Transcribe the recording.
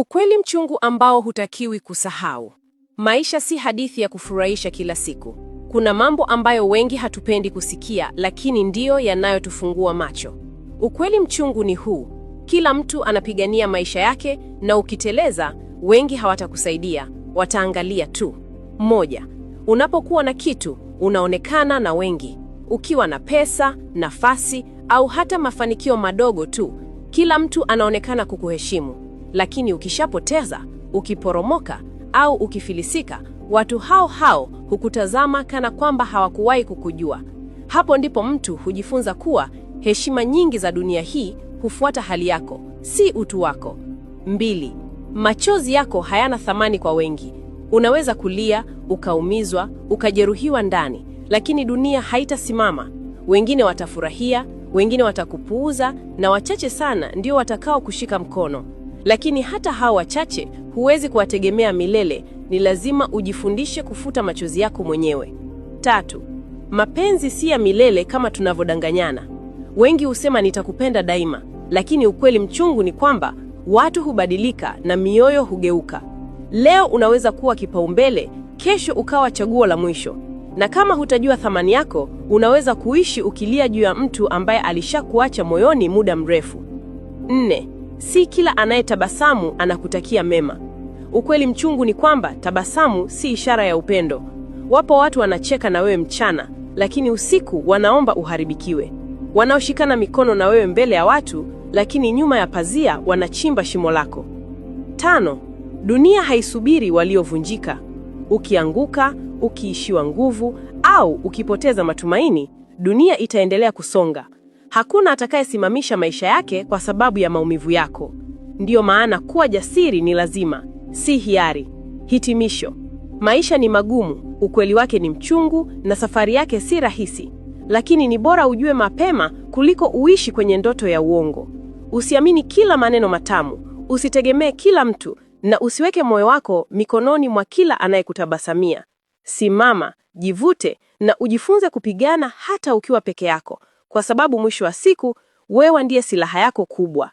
Ukweli mchungu ambao hutakiwi kusahau. Maisha si hadithi ya kufurahisha kila siku. Kuna mambo ambayo wengi hatupendi kusikia, lakini ndiyo yanayotufungua macho. Ukweli mchungu ni huu: kila mtu anapigania maisha yake, na ukiteleza, wengi hawatakusaidia, wataangalia tu. Moja, unapokuwa na kitu unaonekana na wengi. Ukiwa na pesa, nafasi au hata mafanikio madogo tu, kila mtu anaonekana kukuheshimu lakini ukishapoteza, ukiporomoka au ukifilisika, watu hao hao hukutazama kana kwamba hawakuwahi kukujua. Hapo ndipo mtu hujifunza kuwa heshima nyingi za dunia hii hufuata hali yako, si utu wako. Mbili, machozi yako hayana thamani kwa wengi. Unaweza kulia, ukaumizwa, ukajeruhiwa ndani, lakini dunia haitasimama. Wengine watafurahia, wengine watakupuuza na wachache sana ndio watakao kushika mkono. Lakini hata hawa wachache huwezi kuwategemea milele, ni lazima ujifundishe kufuta machozi yako mwenyewe. Tatu, mapenzi si ya milele kama tunavyodanganyana. Wengi husema nitakupenda daima, lakini ukweli mchungu ni kwamba watu hubadilika na mioyo hugeuka. Leo unaweza kuwa kipaumbele, kesho ukawa chaguo la mwisho, na kama hutajua thamani yako, unaweza kuishi ukilia juu ya mtu ambaye alishakuacha moyoni muda mrefu. Nne, Si kila anayetabasamu anakutakia mema. Ukweli mchungu ni kwamba tabasamu si ishara ya upendo. Wapo watu wanacheka na wewe mchana, lakini usiku wanaomba uharibikiwe. Wanaoshikana mikono na wewe mbele ya watu, lakini nyuma ya pazia wanachimba shimo lako. Tano, dunia haisubiri waliovunjika. Ukianguka, ukiishiwa nguvu au ukipoteza matumaini, dunia itaendelea kusonga. Hakuna atakayesimamisha maisha yake kwa sababu ya maumivu yako. Ndiyo maana kuwa jasiri ni lazima, si hiari. Hitimisho: maisha ni magumu, ukweli wake ni mchungu, na safari yake si rahisi, lakini ni bora ujue mapema kuliko uishi kwenye ndoto ya uongo. Usiamini kila maneno matamu, usitegemee kila mtu, na usiweke moyo wako mikononi mwa kila anayekutabasamia. Simama, jivute na ujifunze kupigana hata ukiwa peke yako kwa sababu mwisho wa siku wewe ndiye silaha yako kubwa.